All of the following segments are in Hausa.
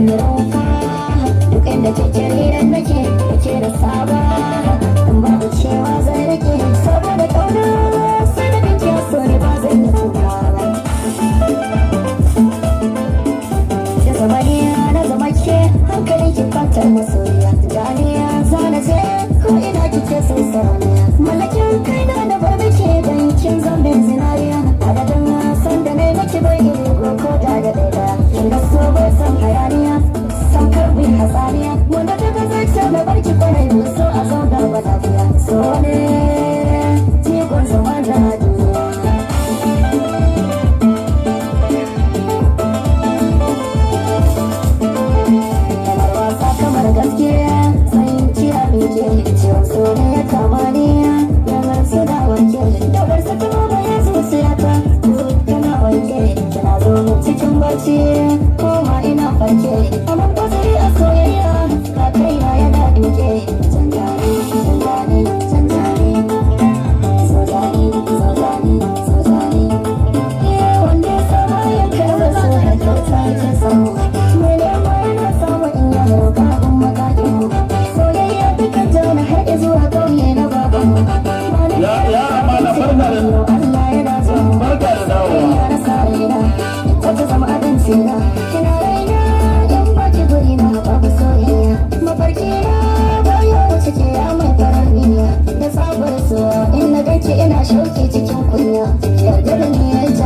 na roka duk inda ke jariran nake nake da saba in babu cewa zai rage saboda kauna sai da kake so ba zan yi tuka ba da na zama ke hankalin ki fatar masoyi hatsaniya wanda ta kasance na barki kwarai so a zauna ba lafiya so ne jigon zaman da So ne kama ne yanar su da wanke dabar zo cikin bacci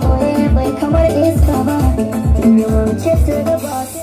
come bai it's iska ba in yi wuce to the ba